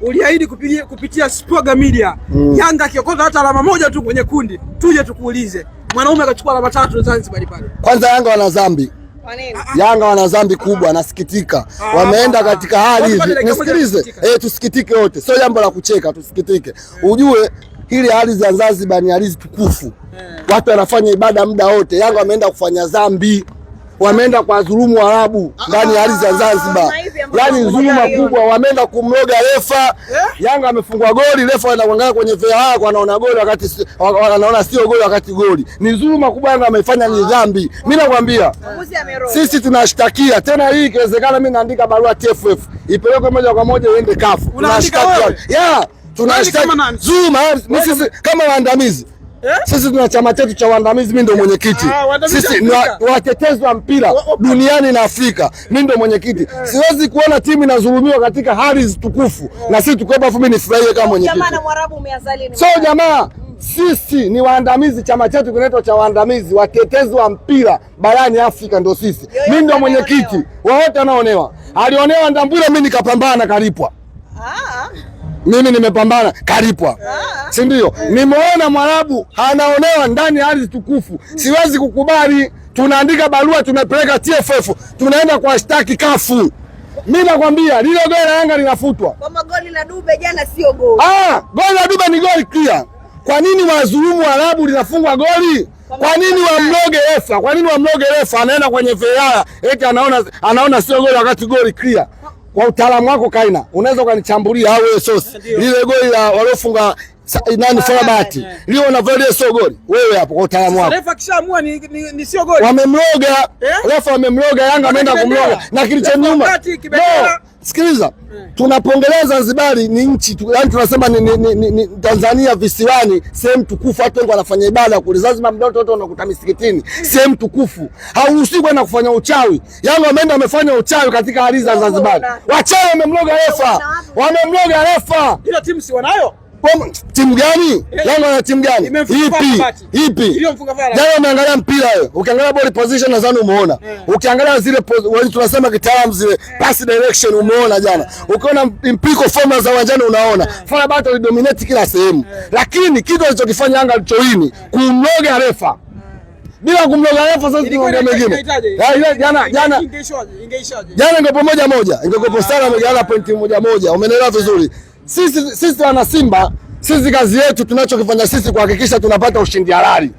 uliahidi kupitia, kupitia Spoga Media mm. Yanga akiokoza hata alama moja tu kwenye kundi, tuje tukuulize. Mwanaume akachukua alama tatu Zanzibar pale. Kwanza Yanga wana dhambi ah, ah. Yanga wana dhambi kubwa, nasikitika. Ah, wameenda katika hali hivi, nisikilize eh, tusikitike wote, sio jambo la kucheka, tusikitike. yeah. Ujue hili hali za Zanzibar ni hali tukufu, yeah. watu wanafanya ibada muda wote. Yanga wameenda kufanya dhambi, wameenda kwa dhulumu Arabu ndani ya hali za Zanzibar yani zuma kubwa, wameenda kumloga refa. Eh? Yanga amefungwa goli, refa anaangalia kwenye VAR anaona goli, wakati anaona sio goli, wakati goli ni zuma kubwa. Yanga amefanya ni ah. dhambi. Mimi nakwambia sisi tunashtakia tena, hii ikiwezekana, mimi naandika barua TFF ipelekwe moja kwa moja iende kafu. Tunashtakia yeah, tunashtakia zuma, sisi kama waandamizi Eh? Sisi tuna chama chetu cha waandamizi, mimi ndio ah, mwenyekiti. Sisi ni watetezi wa mpira duniani na Afrika, mimi ndio mwenyekiti. Eh. Siwezi kuona timu inazulumiwa katika hali zitukufu eh. na sisi tukiwepo, afu mimi nifurahie kama mwenyekiti. So jamaa sisi ni waandamizi, chama chetu kinaitwa cha waandamizi, watetezi wa mpira barani Afrika ndio sisi. Mimi ndio mwenyekiti, wote wanaonewa. Alionewa Ndambura, mimi nikapambana, kalipwa. Ah mimi nimepambana kalipwa, ah. si ndio? Eh. Nimeona Mwarabu anaonewa ndani ya ardhi tukufu, mm. siwezi kukubali. Tunaandika barua, tunapeleka TFF, tunaenda kwa shtaki kafu. Mimi nakwambia lilo goli la Yanga linafutwa. goli la Dube jana sio goli. Ah, goli la Dube ni goli clear. Kwa nini wazulumu Waarabu linafungwa goli? Kwa nini wamloge refa? Kwa nini wamloge refa? Anaenda kwenye VAR eti anaona, anaona sio goli wakati goli clear kwa utaalamu wako Kaina, unaweza ukanichambulia au wewe sosi lile goli la waliofunga nani Farabati leo lile sio goli wewe hapo, kwa utaalamu wako refa kishaamua ni, ni, ni sio goli, wamemloga eh? Refa wamemloga Yanga ameenda kumloga na kilicho nyuma Sikiliza, tunapongelea Zanzibari ni nchi tu, yani tunasema ni, ni, ni, ni Tanzania visiwani, sehemu tukufu. Watu wengi wanafanya ibada kule Zanzibar, mdoto watu wanakuta misikitini, sehemu tukufu. hauruhusi kwenda kufanya uchawi. Yanga wameenda wamefanya uchawi katika hali za Zanzibar. Wachawi wamemloga refa, wamemloga refa, ila timu si wanayo timu gani? Eh, Yanga na timu gani? Ipi? Ipi? Jana umeangalia mpira wewe. Ukiangalia ball position nadhani umeona. Eh. Ukiangalia zile tunasema kitaalamu zile eh. pass direction umeona jana. Ukiona mpiko forma za uwanjani unaona. FAR alidominate kila sehemu. Lakini kitu alichokifanya Yanga alichoini kumloga refa. Bila kumloga refa sasa tunaongea mengine. Jana jana ingeishaje? Jana ingekuwa moja moja. Ingekuwa ah. sare moja ala pointi moja moja. Umeelewa vizuri? Sisi sisi wana Simba, sisi kazi yetu tunachokifanya sisi kuhakikisha tunapata ushindi halali.